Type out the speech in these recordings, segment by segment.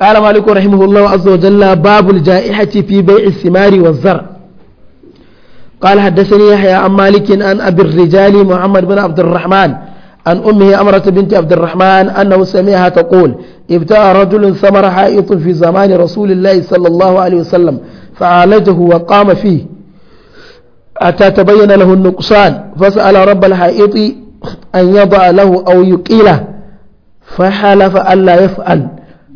قال مالك رحمه الله عز وجل باب الجائحة في بيع الثمار والزر قال حدثني يحيى عن مالك عن أبي الرجال محمد بن عبد الرحمن عن أمه أمرة بنت عبد الرحمن أنه سمعها تقول ابتاع رجل ثمر حائط في زمان رسول الله صلى الله عليه وسلم فعالجه وقام فيه حتى تبين له النقصان فسأل رب الحائط أن يضع له أو يقيله فحلف ألا يفعل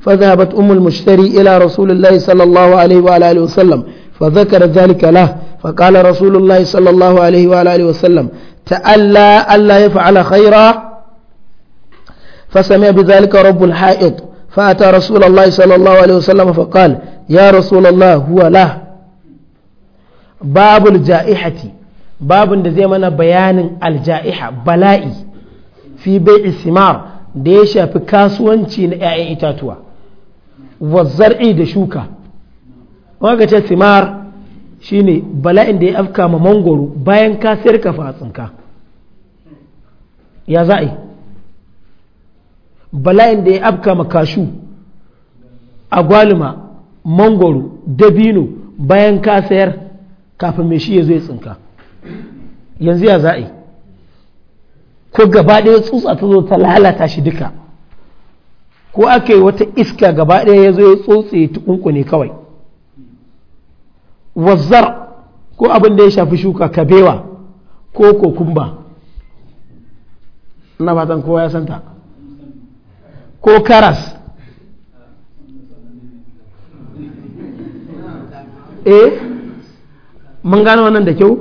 فذهبت أم المشتري إلى رسول الله صلى الله عليه وعلى آله وسلم فذكر ذلك له فقال رسول الله صلى الله عليه وعلى آله وسلم تألا ألا يفعل خيرا فسمع بذلك رب الحائط فأتى رسول الله صلى الله عليه وسلم فقال يا رسول الله هو له باب الجائحة باب da zai mana bayanin aljaiha bala'i fi bai isimar da ya shafi kasuwanci na 'ya'yan itatuwa wazzar'i da shuka wanda ce simar shine bala'in da ya afka ma mangoro bayan ka sayar ka fatsinka ya za'i bala'in da ya afka ma kashu agwaluma mangoro dabino bayan ka sayar kafin mai shi ya zo ya tsinka yanzu ya za'i ko gaba ɗaya tsutsa ta zo ta lalata shi duka ko aka yi wata iska gaba ɗaya ya zo ya tsotse tukunku ne kawai wazzar ko abin da ya shafi shuka kabewa ko kokumba ina fatan kowa ya santa ko karas eh mun gano wannan da kyau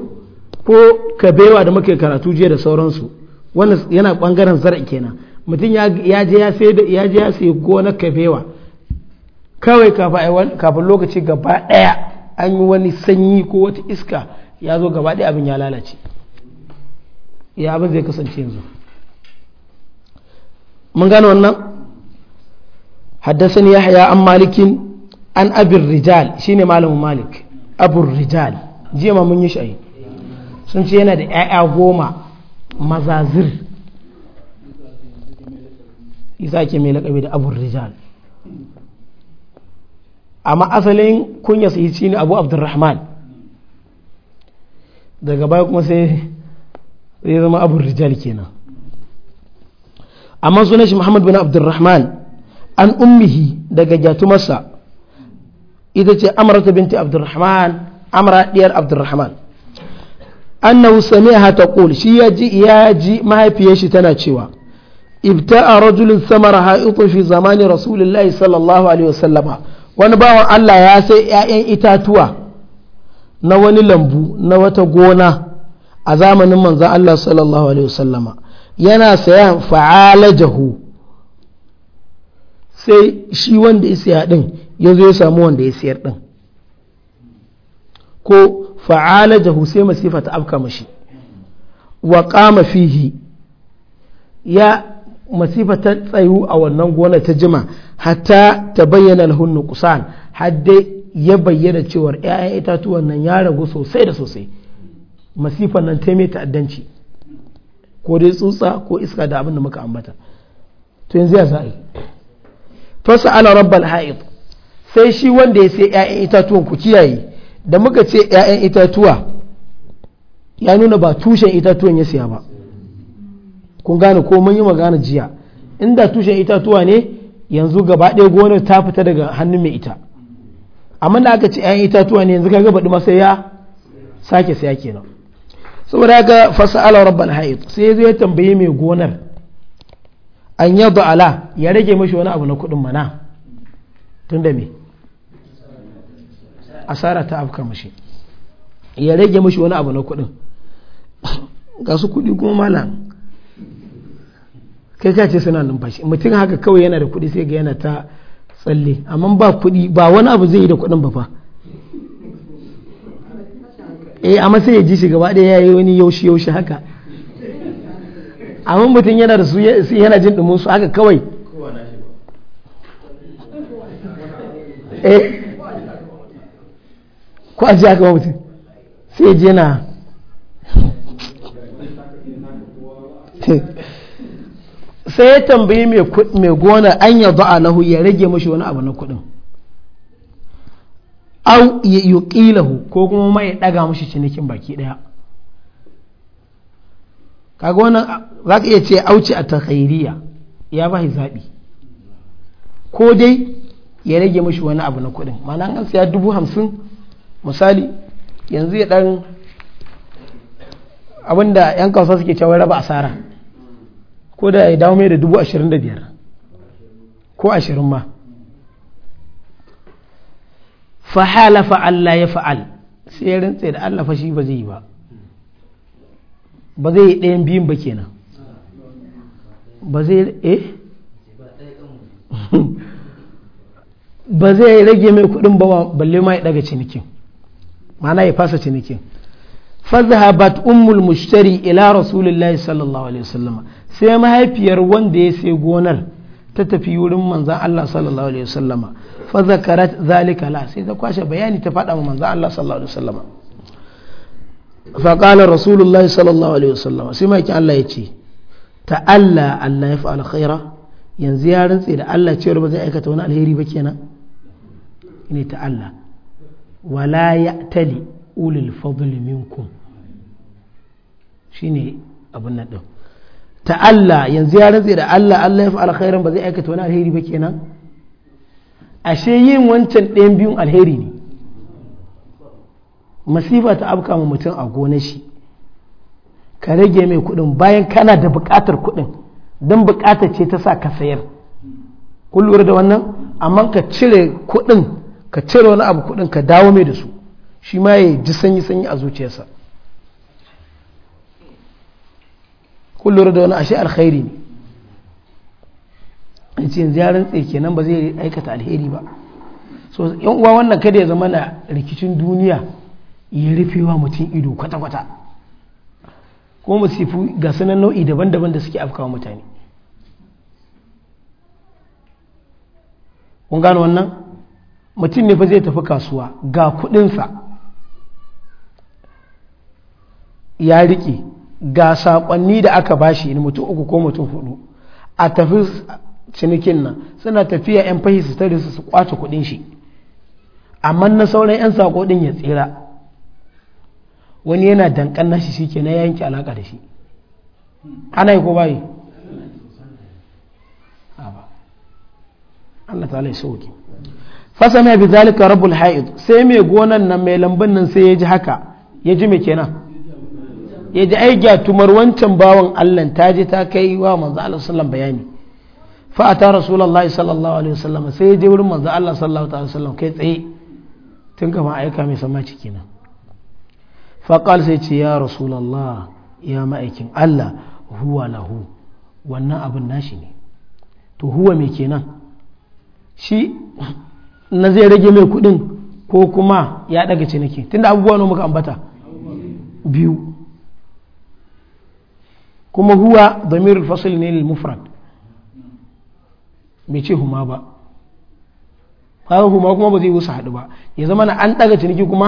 ko kabewa da muke karatu jiya da sauransu wannan yana ɓangaren zara kenan mutum ya je ya sai gona kafewa kawai kafin lokaci gaba ɗaya an yi wani sanyi ko wata iska ya zo gaba ɗaya abin ya lalace ya abin zai kasance yanzu mun gano wannan haddasa haddasani haya an malikin an abin rijal shine malamin malik abin rijal jiya ma mun yi shi sun ce yana da 'ya'ya goma mazazir isa ke mai laƙabi da abu rijal amma asalin kunya sai shi ne abu abdurrahman daga baya kuma sai zai zama abu rijal kenan amma sunan shi muhammad bin abdurrahman an ummihi daga jatumarsa ita ce amrata binti abdurrahman amra diyar abdurrahman annahu ta taqul shi ya ji ya ji mahaifiyar shi tana cewa ibta'a rajulun samara ha'itu fi zamani rasulillahi sallallahu alaihi wasallama wani bawan Allah ya sai 'ya'yan itatuwa na wani lambu na wata gona a zamanin manzan Allah sallallahu alaihi wasallama yana sayan fa'alajahu sai shi wanda ya siya din ya zo ya samu wanda ya siyar din ko fa'alajahu sai masifa ta afka mashi wa kama fihi ya masifa ta tsayu a wannan gona ta jima hatta ta bayyana lahun kusan hadde ya bayyana cewar 'ya'yan itatuwan nan ya ragu sosai da sosai masifan nan ta mai ta'addanci ko dai tsutsa ko iska da abin da muka ambata to yanzu ya sa'i fa sa'ala rabbal ha'id sai shi wanda ya sai 'ya'yan itatuwan ku kiyaye da muka ce 'ya'yan itatuwa ya nuna ba tushen itatuwan ya siya ba kun gane ko mun yi magana jiya inda tushen itatuwa ne yanzu gaba ɗaya gonar ta fita daga hannun mai ita amma da aka ce 'yan itatuwa ne yanzu kaga baɗi masa ya sake saya kenan saboda haka fasa'ala rabban haid sai zai tambaye mai gonar an yadda ala ya rage mashi wani abu na kuɗin mana tun da me asara ta afka mashi ya rage mashi wani abu na kuɗin ga su kuɗi kuma malam kai ka ce suna numfashi mutum haka kawai yana da kuɗi sai ga yana ta tsalle amma ba kuɗi ba wani abu zai yi da kuɗin ba fa eh amma sai ya ji shi gaba ɗaya yayi wani yaushi yaushi haka amma mutum yana da su yana jin dumin su haka kawai eh ko a ji haka mutum sai ya je na sai ya tambayi mai gona an ya a lahu ya rage mashi wani abu na kudin au ya yuqilahu ko kuma mai ya mashi cinikin baki ɗaya kaga wannan za ka iya ce auci a takhairiya ya ba zaɓi ko dai ya rage mashi wani abu na kuɗin mana an siya dubu hamsin misali yanzu ya ɗan abinda 'yan kasuwa suke cewa raba asara ko da ya dawo mai da dubu ashirin da biyar ko ashirin ma fahala fa'alla ya fa'al sai ya rantse da Allah shi ba zai yi ba ba zai yi ɗayan biyun ba kenan ba zai eh ba zai rage mai kuɗin ba balle ma ya daga cinikin mana ya fasa cinikin فذهبت أم المشتري mushtari ila الله sallallahu alaihi عليه وسلم sai mahaifiyar wanda ya sai gonar ta tafi wurin manzan Allah sallallahu alaihi wasallama fa zakarat zalika la sai ta kwashe bayani ta faɗa wa manzan Allah sallallahu alaihi wasallama fa qala rasulullahi sallallahu alaihi wasallama sai mai Allah ya ce ta Allah Allah ya fa'al khaira yanzu ya rantse da Allah cewa ba zai aikata wani alheri ba kenan ne ta Allah wala ya'tali ulul fadli minkum shine abun nan din ta Allah yanzu ya rantse da Allah Allah ya fi alkhairan ba zai aikata wani alheri ba kenan ashe yin wancan ɗayan biyun alheri ne masifa ta afka ma mutum a gona shi ka rage mai kuɗin bayan kana da buƙatar kuɗin don buƙatar ce ta sa ka sayar kun da wannan amma ka cire kuɗin ka cire wani abu kuɗin ka dawo mai da su shi ma ya ji sanyi sanyi a zuciyarsa Kullum da wani ashe alkhairi ne in ce yanzu ya rantse kenan ba zai aikata alheri ba so yan uwa wannan kada ya zama na rikicin duniya ya rufe wa mutum ido kwata-kwata kuma masifu ga sanan nau'i daban-daban da suke afkawa mutane kun gano wannan mutum ne fa zai tafi kasuwa ga kudinsa ya riƙe ga saƙonni da aka bashi ne mutum uku ko mutum hudu a tafi cinikin nan suna tafiya 'yan fahi su tare su kwace kudin shi amma na sauran 'yan saƙo din ya tsira wani yana dankan nashi shi ke na yanki alaƙa da shi ana yi ko bayi Allah ta ya sauki mai bi zalika rabul haid sai mai gonan nan mai lambun nan sai ya ji haka ya ji mai kenan ya ji ai gyatumar wancan bawan Allah ta je ta kai wa manzo Allah sallallahu bayani fa ata rasulullahi sallallahu alaihi wasallam sai ya je wurin manzo Allah sallallahu alaihi wasallam kai tsaye tun kama aika mai sama ciki nan fa qal sai ce ya rasulullah ya ma'aikin Allah huwa lahu wannan abin nashi ne to huwa me kenan shi na zai rage mai kudin ko kuma ya daga ciniki tunda abubuwa ne muka ambata biyu kuma huwa damir fasil ne lil mufrad bai ce huma ba kaga huma kuma ba zai wusa hadu ba ya zama na an daga ciniki kuma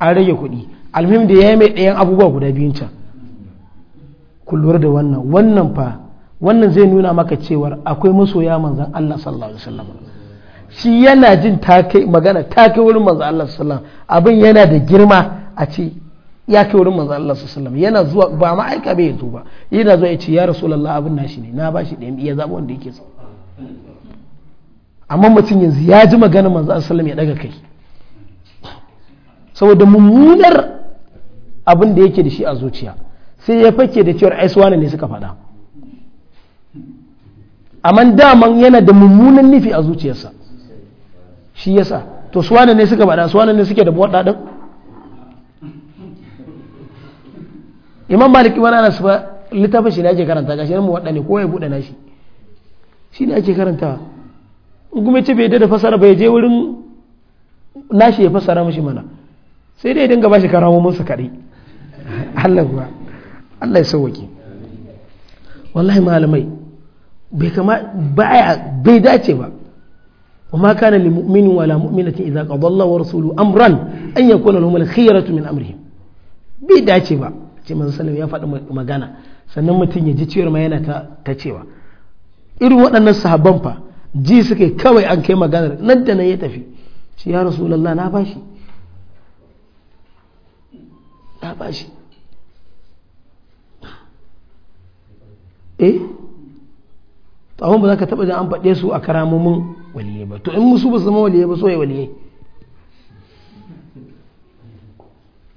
an rage kuɗi alhim da ya yi mai ɗayan abubuwa guda biyun can ku lura da wannan wannan fa wannan zai nuna maka cewar akwai masoya manzan Allah sallallahu alaihi wasallam shi yana jin ta kai magana ta kai wurin manzan Allah sallallahu alaihi wasallam abin yana da girma a ce ya kai wurin manzo Allah sallallahu yana zuwa ba ma aika bai zo ba yana zuwa ya ce ya rasulullah abin nashi ne na bashi da ya zaba wanda yake so amma mutum yanzu ya ji magana manzo Allah sallallahu ya daga kai saboda mummunar abin da yake da shi a zuciya sai ya fake da cewar ai aiswana ne suka faɗa amma daman yana da mummunan nufi a zuciyarsa shi yasa to suwana ne suka faɗa suwana ne suke da buwaɗa imam maliki wani anas ba littafin shi ne ake karanta gashi mu waɗane ko ya buɗe nashi shi ne ake karanta in kuma ce bai da fasara bai je wurin nashi ya fasara mashi mana sai dai dinga bashi karawo mun musu kaɗai Allah kuwa Allah ya sauwake wallahi malamai bai kama baya bai dace ba وما كان لمؤمن ولا مؤمنة إذا قضى الله ورسوله أمرا أن يكون لهم الخيرة من أمرهم بيداتي بقى ce manzo sallam ya faɗi magana sannan mutum ya ji ciyar ma yana ta cewa irin waɗannan sahabban fa ji suke kawai an kai maganar nan da nan ya tafi shi ya rasulullah na bashi na bashi eh to ba za ka taɓa jan an faɗe su a karamomin waliyai ba to in musu ba su zama waliyai ba so ya waliyai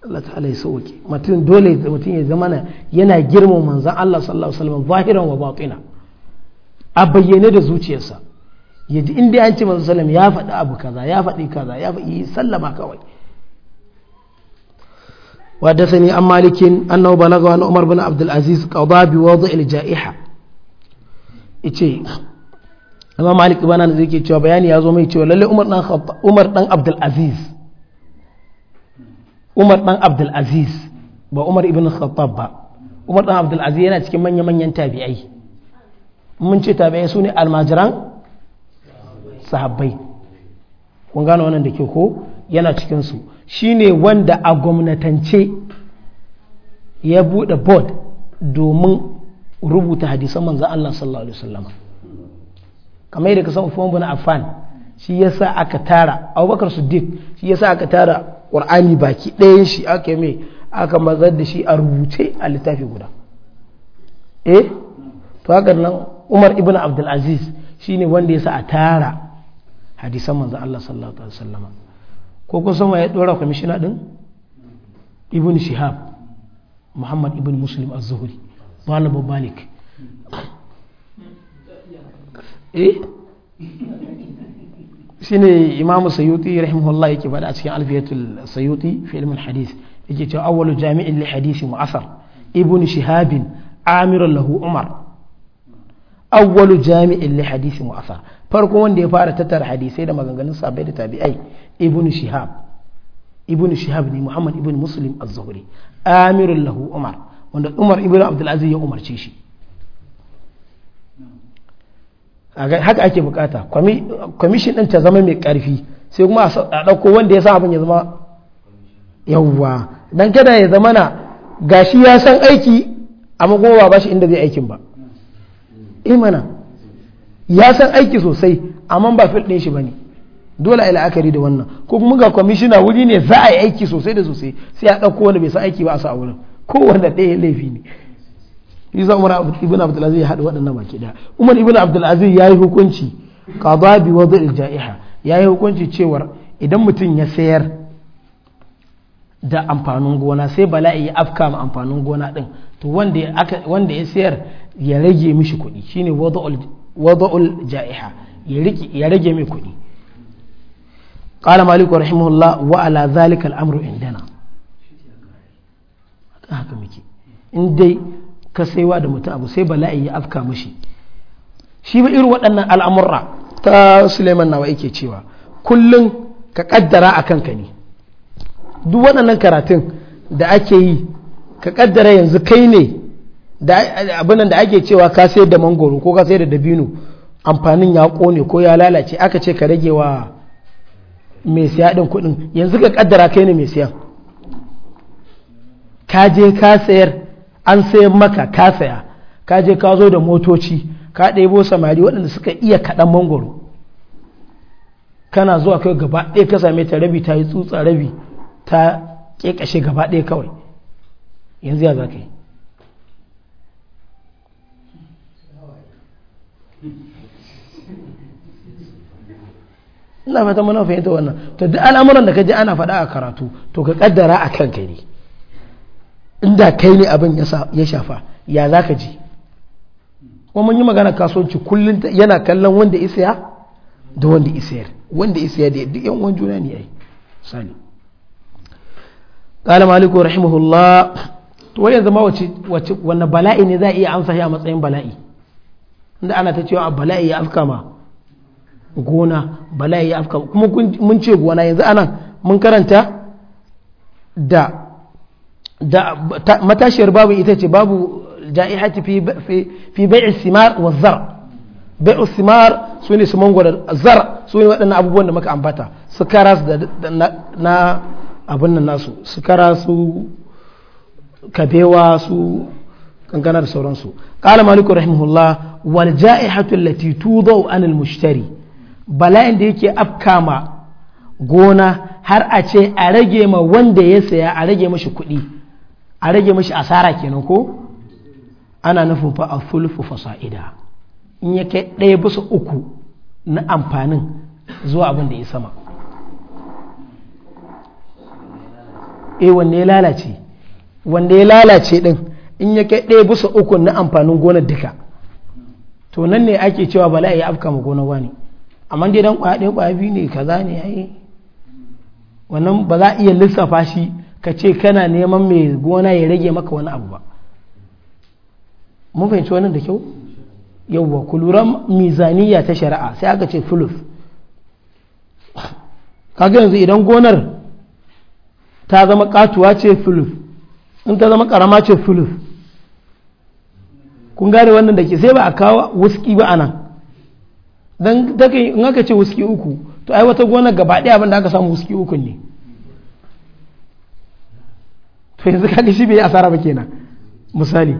Allah ta'ala ya sauke mutum dole mutum ya zama na yana girmama manzan Allah sallallahu alaihi wasallam zahiran wa batina a bayyane da zuciyarsa yaji in inda an ce manzan ya faɗi abu kaza ya faɗi kaza ya faɗi sallama kawai وحدثني عن مالك أنه بلغ عن عمر بن عبد العزيز قضى بوضع الجائحة إيشي أما مالك بن أنس yake cewa bayani ya zo mai cewa lalle Umar dan Khattab Umar dan Abdul umar dan abdul aziz ba umar ibn khattab ba umar dan abdul aziz yana cikin manya manyan tabi'ai mun ce tabi'ai su ne almajiran sahabbai kun gano wannan da ke ko yana cikin su ne wanda a gwamnatance ya bude board domin rubuta hadisan manzan Allah sallallahu alaihi wasallam kamar yadda ka san ufuwan bin Affan shi ya sa aka tara abubakar siddiq shi ya sa aka tara ƙwar'ani baki ɗayan shi aka mai aka mazar da shi a rubuce a littafi guda eh to haka nan umar ibn Abdulaziz shi ne wanda ya sa a tara hadisan manzan Allah sallallahu alaihi wasallam ko kun san waye kwamishina ɗin ibn shihab muhammad ibn muslim az-zuhri eh shine imam sayuti rahimahullah yake faɗa a cikin alfiyatul sayuti fi ilmin hadis yake cewa awwalu jami'in li hadisi mu'asar ibn shihabin amir lahu umar awwalu jami'in li hadisi mu'asar farko wanda ya fara tattara hadisai da maganganun sahabbai da tabi'ai ibn shihab ibn shihab ne muhammad ibn muslim az-zuhri amir lahu umar wanda umar ibn abdul aziz ya umarce shi haka ake bukata kwamishin din ta zama mai karfi sai kuma a ɗauko wanda ya sa abin ya zama yawwa dan kada ya zama na gashi ya san aiki amma kuma ba shi inda zai aikin ba imana eh ya san aiki sosai amma ba fil ɗin shi ba ne dole a la'akari da wannan ko kuma ga kwamishina wuri ne za a yi aiki sosai da sosai sai a ɗauko wanda bai san aiki ba a sa a wurin ko wanda ɗaya laifi ne shi za umar ibn abdul aziz ya haɗu waɗannan baki ɗaya umar ibn abdul aziz yi hukunci qada bi wad'il ja'iha yi hukunci cewar idan mutum ya sayar da amfanin gona sai bala'i ya afka ma amfanin gona ɗin to wanda ya sayar ya rage mishi kuɗi shine wad'ul ja'iha ya rage mai kuɗi قال مالك رحمه الله وعلى ذلك الامر عندنا haka muke in dai ka saiwa da mutum abu sai bala'i ya afka mashi shi ba irin waɗannan al'amurra ta suleiman nawa yake cewa kullum ka ƙaddara a kanka ne duk waɗannan karatun da ake yi ka kaddara yanzu kai ne abinan da ake cewa ka sayar da mangoro ko ka sayar da dabino amfanin ya kone ko ya lalace aka ce ka rage wa mai siya ɗin kuɗin yanzu ka kaddara kai ne mai siya ka je ka sayar an sayan maka ka saya ka je ka zo da motoci ka ɗebo samari waɗanda suka iya kaɗan mangoro kana zuwa kai gaba ɗaya ka same ta rabi ta yi tsutsa rabi ta ƙeƙashe gaba ɗaya kawai yanzu ya za ka yi ina fata mana fahimta wannan to duk al'amuran da ka ji ana faɗa a karatu to ka ƙaddara a kanka ne inda kai ne abin ya shafa ya za ka ji kuma mun yi magana kasuwanci kullum yana kallon wanda isaya da wanda isayar wanda isaya da duk yan juna ne ya yi sani ƙalama maliku rahimahullah to wai yanzu ma wace bala'i ne za a iya amsa a matsayin bala'i inda ana ta cewa bala'i ya afka ma gona bala'i ya afka kuma mun ce gona yanzu anan mun karanta da da matashiyar babu ita ce babu ja'ihati fi bai'i simar wa zar bai'u simar su ne su mangwada zar su ne waɗannan abubuwan da muka ambata su kara da na abin nan nasu su kara su kabewa su kankana da sauransu ƙala maliku rahimahullah wal ja'ihatu allati an anil mushtari bala'in da yake ma gona har a ce a rage ma wanda ya saya a rage mashi kuɗi a rage mashi asara kenan ko ana nufin fa a fulfu fasa'ida in ya kai ɗaya bisa uku na amfanin zuwa abin da ya sama e wanne ya lalace wanda ya lalace din in ya kai ɗaya bisa uku na amfanin gonar duka to nan ne ake cewa bala ya afka ma gonar wani amma dai dan kwaɗe ɗaya biyu ne kaza ne yayi wannan ba za a iya lissafa shi ka ce kana neman mai gona ya rage maka wani abu ba mun fahimci wannan da kyau yauwa ku lura mizaniya ta shari'a sai aka ce fuluf kaga yanzu idan gonar ta zama katuwa ce fuluf in ta zama karama ce fuluf kun gane wannan da ke sai ba a kawo wuski ba anan dan in aka ce wuski uku to ai wata gonar gaba abinda abin da aka samu wuski uku ne to yanzu kaga shi bai asara ba kenan misali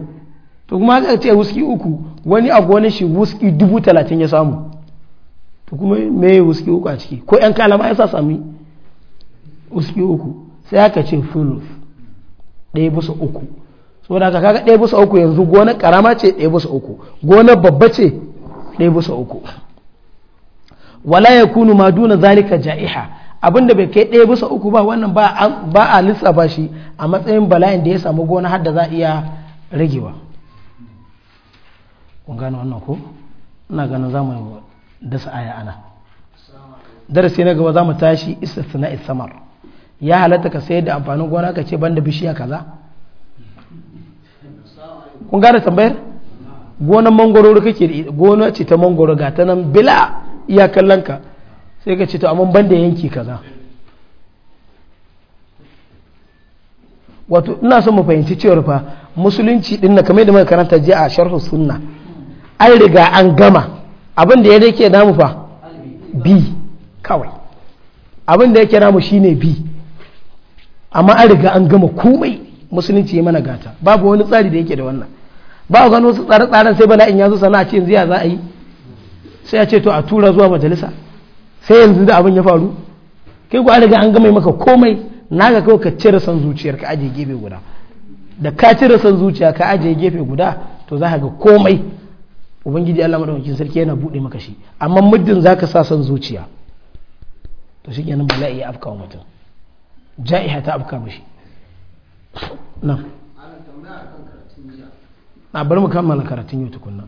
to kuma haka ce wuski uku wani a gonin shi wuski dubu talatin ya samu to kuma me wuski uku a ciki ko yan kalama ya sa sami wuski uku sai aka ce fuluf ɗaya bisa uku saboda ka kaga ɗaya bisa uku yanzu gonar karama ce ɗaya bisa uku gonar babba ce ɗaya bisa uku wala ya kunu ma duna zalika ja'iha abin da bai kai ɗaya bisa uku ba wannan ba a lissafa shi a matsayin bala'in da ya samu gona har da za a iya ragewa kun gane wannan ko ina ganin za mu dasa aya ana darasi na gaba za mu tashi istisna isamar ya halatta ka sayar da amfanin gona ka ce da bishiya kaza kun gane tambayar gonan mangoro kake gona ce ta mangoro ga ta nan bila iya sai ka ce to amma ban da yanki kaza wato ina son mu fahimci cewar fa musulunci din na kamar da muka karanta jiya a sharhu sunna an riga an gama abin da ya dake namu fa bi kawai abin da yake namu shine bi amma an riga an gama komai musulunci ya mana gata babu wani tsari da yake da wannan ba gano wasu tsare-tsaren sai bana in yanzu sana'a ce yanzu ya za a yi sai ya ce to a tura zuwa majalisa sai yanzu da abin ya faru kai ku daga an gama maka komai naga kawai ka cire san zuciyar ka ajiye gefe guda da ka cire san zuciya ka ajiye gefe guda to za ka ga komai ubangiji Allah madaukakin sarki yana bude maka shi amma muddin zaka sa san zuciya to shi kenan bala'i ya afka mutum ja'iha ta afka mishi nan na bar mu kammala karatun yau tukunna